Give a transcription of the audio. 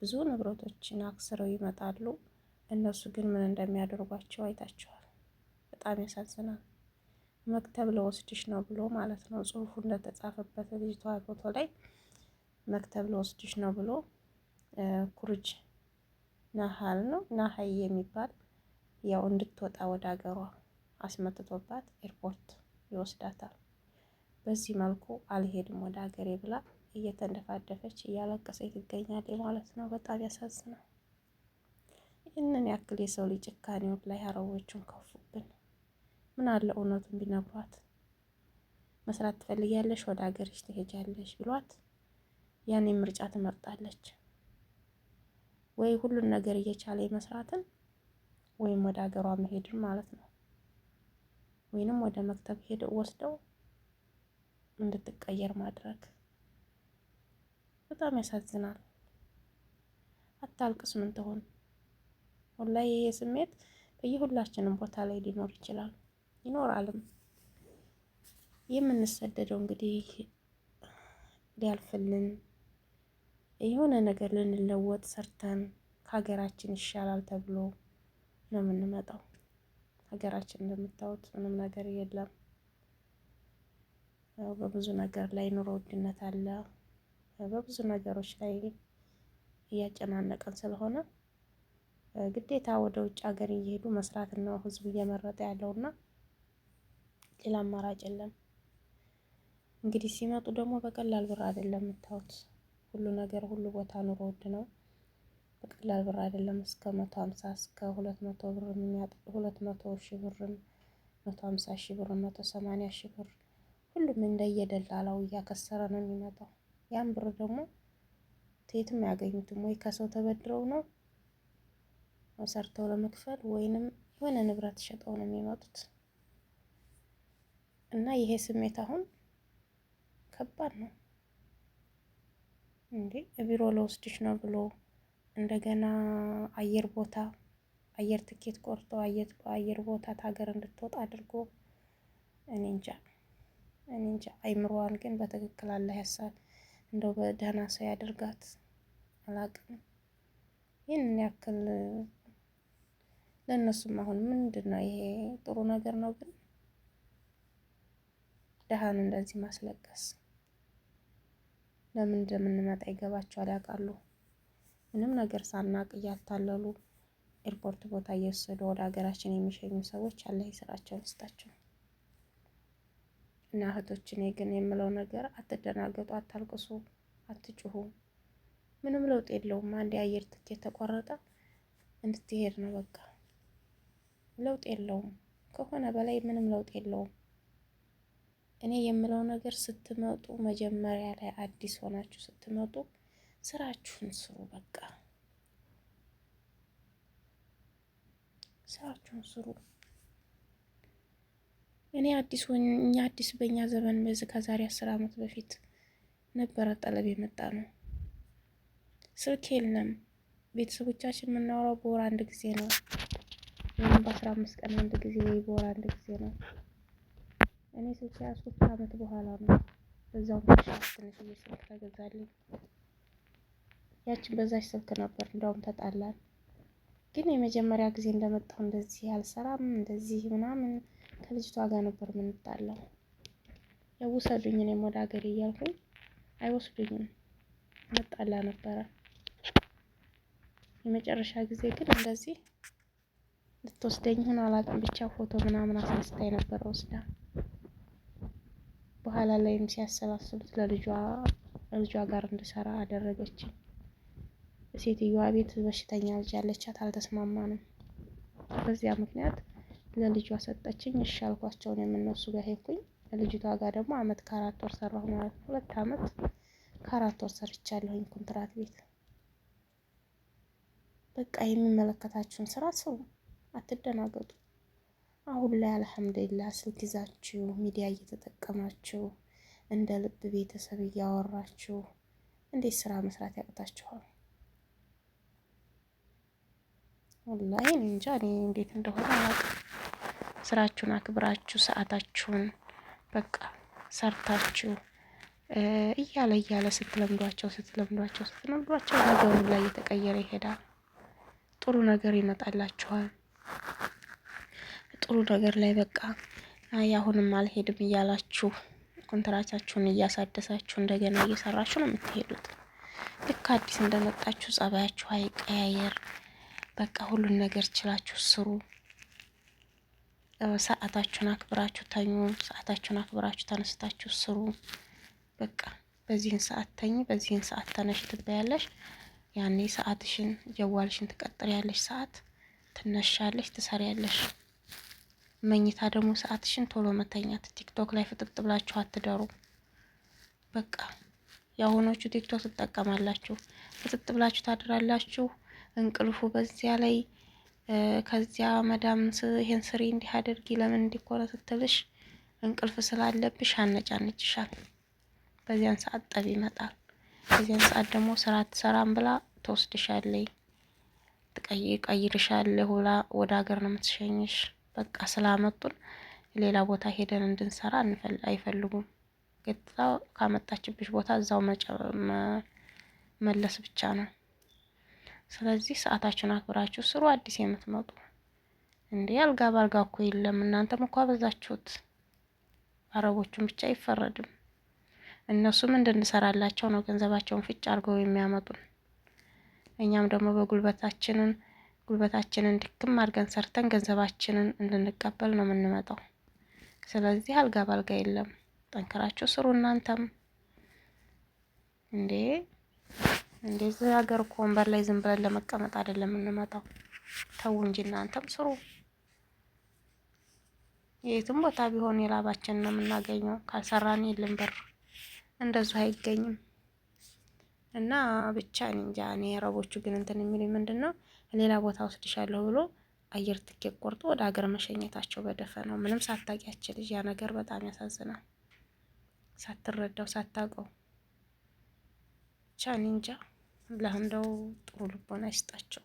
ብዙ ንብረቶችን አክስረው ይመጣሉ። እነሱ ግን ምን እንደሚያደርጓቸው አይታቸዋል በጣም ያሳዝናል። መክተብ ለወስድሽ ነው ብሎ ማለት ነው ጽሁፉ እንደተጻፈበት ልጅቷ ፎቶ ላይ መክተብ ለወስድሽ ነው ብሎ ኩርጅ ናሃል ነው ናሀይ የሚባል ያው እንድትወጣ ወደ ሀገሯ አስመትቶባት ኤርፖርት ይወስዳታል። በዚህ መልኩ አልሄድም ወደ ሀገሬ ብላ እየተንደፋደፈች እያለቀሰች ትገኛለች ማለት ነው። በጣም ያሳዝናል። ይህንን ያክል የሰው ልጅ ጭካኔውን ላይ አረቦቹን ከፉብን። ምን አለ እውነቱን ቢነግሯት። መስራት ትፈልጊያለሽ ወደ ሀገርሽ ትሄጃለሽ ብሏት ያኔ ምርጫ ትመርጣለች ወይ ሁሉን ነገር እየቻለ መስራትን ወይም ወደ ሀገሯ መሄድን ማለት ነው። ወይንም ወደ መክተብ ሄደው ወስደው እንድትቀየር ማድረግ በጣም ያሳዝናል። አታልቅስ ምን ትሆን ሁላ ይሄ ስሜት በየሁላችንም ቦታ ላይ ሊኖር ይችላል ይኖራልም። የምንሰደደው እንግዲህ ሊያልፍልን የሆነ ነገር ልንለወጥ ሰርተን ከሀገራችን ይሻላል ተብሎ ነው የምንመጣው። ሀገራችን እንደምታዩት ምንም ነገር የለም። በብዙ ነገር ላይ ኑሮ ውድነት አለ። በብዙ ነገሮች ላይ እያጨናነቀን ስለሆነ ግዴታ ወደ ውጭ ሀገር እየሄዱ መስራት ነው ህዝብ እየመረጠ ያለው እና ሌላ አማራጭ የለም። እንግዲህ ሲመጡ ደግሞ በቀላል ብር አይደለም የምታዩት። ሁሉ ነገር ሁሉ ቦታ ኑሮ ውድ ነው። በቀላል ብር አይደለም እስከ መቶ ሀምሳ እስከ ሁለት መቶ ብር ሁለት መቶ ሺ ብርም መቶ ሀምሳ ሺ ብር መቶ ሰማኒያ ሺ ብር ሁሉም እንደየደላላው እያከሰረ ነው የሚመጣው። ያን ብር ደግሞ ከየትም አያገኙትም። ወይ ከሰው ተበድረው ነው መሰርተው ለመክፈል ወይንም የሆነ ንብረት ሸጠው ነው የሚመጡት። እና ይሄ ስሜት አሁን ከባድ ነው። እንዴ ቢሮ ለውስድሽ ነው ብሎ እንደገና አየር ቦታ አየር ትኬት ቆርጦ አየር ቦታ ታገር እንድትወጣ አድርጎ እኔ እንጃ እኔ እንጃ። አይምሮዋን ግን በትክክል አለ ያሳል እንደው በደህና ሰው ያደርጋት አላቅም። ይህንን ያክል ለእነሱም አሁን ምንድን ነው ይሄ ጥሩ ነገር ነው፣ ግን ደሃን እንደዚህ ማስለቀስ ለምን እንደምንመጣ ይገባቸዋል፣ ያውቃሉ። ምንም ነገር ሳናቅ እያታለሉ ኤርፖርት ቦታ እየወሰዱ ወደ ሀገራችን የሚሸኙ ሰዎች አለ ስራቸውን ይስጣቸው። እና እህቶች እኔ ግን የምለው ነገር አትደናገጡ፣ አታልቅሱ፣ አትጩሁ። ምንም ለውጥ የለውም። አንድ የአየር ትኬት ተቆረጠ እንድትሄድ ነው በቃ። ለውጥ የለውም። ከሆነ በላይ ምንም ለውጥ የለውም። እኔ የምለው ነገር ስትመጡ መጀመሪያ ላይ አዲስ ሆናችሁ ስትመጡ ስራችሁን ስሩ። በቃ ስራችሁን ስሩ። እኔ አዲስ እኛ አዲስ በእኛ ዘመን በዚህ ከዛሬ አስር አመት በፊት ነበረ ጠለብ የመጣ ነው። ስልክ የለም። ቤተሰቦቻችን የምናወራው በወር አንድ ጊዜ ነው ወይም በአስራ አምስት ቀን አንድ ጊዜ ወይ በወር አንድ ጊዜ ነው። እኔ ስልክ ሶስት አመት በኋላ ነው። በዛው ትንሽ ትንሽ ስልክ ተገዛልኝ። ያችን በዛች ስልክ ነበር እንደውም ተጣላን። ግን የመጀመሪያ ጊዜ እንደመጣው እንደዚህ አልሰራም እንደዚህ ምናምን ከልጅቷ ጋር ነበር የምንጣላው። የውሰዱኝ እኔም ወደ ሀገር እያልኩኝ አይወስዱኝም መጣላ ነበረ። የመጨረሻ ጊዜ ግን እንደዚህ ልትወስደኝ ሁን አላውቅም፣ ብቻ ፎቶ ምናምን አስነስታ የነበረ ወስዳ። በኋላ ላይም ሲያሰባስቡት ለልጇ ጋር እንድሰራ አደረገችኝ። ሴትዮዋ ቤት በሽተኛ ልጅ ያለቻት አልተስማማንም። በዚያ ምክንያት ለልጇ ሰጠችኝ። እሻልኳቸውን የምነሱ እኔም እነሱ ጋር ሄድኩኝ። ልጅቷ ጋር ደግሞ አመት ከአራት ወር ሰራሁ ማለት ነው። ሁለት አመት ከአራት ወር ሰርቻለሁኝ ኮንትራት ቤት። በቃ የሚመለከታችሁን ስራ ስሩ፣ አትደናገጡ። አሁን ላይ አልሐምዱሊላህ ስልክ ይዛችሁ ሚዲያ እየተጠቀማችሁ እንደ ልብ ቤተሰብ እያወራችሁ እንዴት ስራ መስራት ያቅታችኋል? ወላሂ እንጃ እኔ እንዴት እንደሆነ አላውቅም። ስራችሁን አክብራችሁ ሰዓታችሁን በቃ ሰርታችሁ እያለ እያለ ስትለምዷቸው ስትለምዷቸው ስትለምዷቸው ነገሩ ላይ እየተቀየረ ይሄዳል። ጥሩ ነገር ይመጣላችኋል። ጥሩ ነገር ላይ በቃ አይ አሁንም አልሄድም እያላችሁ ኮንትራታችሁን እያሳደሳችሁ እንደገና እየሰራችሁ ነው የምትሄዱት። ልክ አዲስ እንደመጣችሁ ጸባያችሁ አይቀያየር። በቃ ሁሉን ነገር ችላችሁ ስሩ። ሰዓታችሁን አክብራችሁ ተኙ። ሰዓታችሁን አክብራችሁ ተነስታችሁ ስሩ። በቃ በዚህን ሰዓት ተኝ፣ በዚህን ሰዓት ተነሽ ትበያለሽ። ያኔ ሰዓትሽን ጀዋልሽን ትቀጥሪያለሽ፣ ሰዓት ትነሻለሽ፣ ትሰሪያለሽ። መኝታ ደግሞ ሰዓትሽን ቶሎ መተኛት። ቲክቶክ ላይ ፍጥጥ ብላችሁ አትደሩ። በቃ የአሁኖቹ ቲክቶክ ትጠቀማላችሁ፣ ፍጥጥ ብላችሁ ታድራላችሁ። እንቅልፉ በዚያ ላይ ከዚያ መዳም ይሄን ስሪ እንዲህ አድርጊ ለምን እንዲኮረ ስትልሽ እንቅልፍ ስላለብሽ አነጫነጭሻል። በዚያን ሰዓት ጠብ ይመጣል። በዚያን ሰዓት ደግሞ ስራ ትሰራን ብላ ትወስድሻለይ፣ ትቀይርሻለሁ ብላ ወደ ሀገር ነው የምትሸኝሽ። በቃ ስላመጡን ሌላ ቦታ ሄደን እንድንሰራ አይፈልጉም። ገጥታ ካመጣችብሽ ቦታ እዛው መለስ ብቻ ነው። ስለዚህ ሰዓታችን አክብራችሁ ስሩ። አዲስ የምትመጡ እንዴ አልጋ ባልጋ እኮ የለም። እናንተም እኮ አበዛችሁት። አረቦቹን ብቻ አይፈረድም። እነሱም እንድንሰራላቸው ነው ገንዘባቸውን ፍጭ አድርገው የሚያመጡን። እኛም ደግሞ በጉልበታችንን ጉልበታችንን ድክም አድርገን ሰርተን ገንዘባችንን እንድንቀበል ነው የምንመጣው። ስለዚህ አልጋ ባልጋ የለም። ጠንክራችሁ ስሩ እናንተም እንዴ እንደዚህ ሀገር እኮ ወንበር ላይ ዝም ብለን ለመቀመጥ አይደለም የምንመጣው። ተው እንጂ እናንተም ስሩ። የትም ቦታ ቢሆን የላባችን ነው የምናገኘው። ካልሰራን የለም ብር፣ እንደዛ አይገኝም። እና ብቻ እንጃ። እኔ አረቦቹ ግን እንትን የሚሉኝ ምንድን ነው ሌላ ቦታ ወስድሻለሁ ብሎ አየር ትኬት ቆርጦ ወደ ሀገር መሸኘታቸው በደፈ ነው ምንም ሳታውቂያችን ልጅ። ያ ነገር በጣም ያሳዝናል። ሳትረዳው ሳታውቀው ብቻ እንጃ። ለአንዳው ጥሩ ልቦና ይስጣቸው።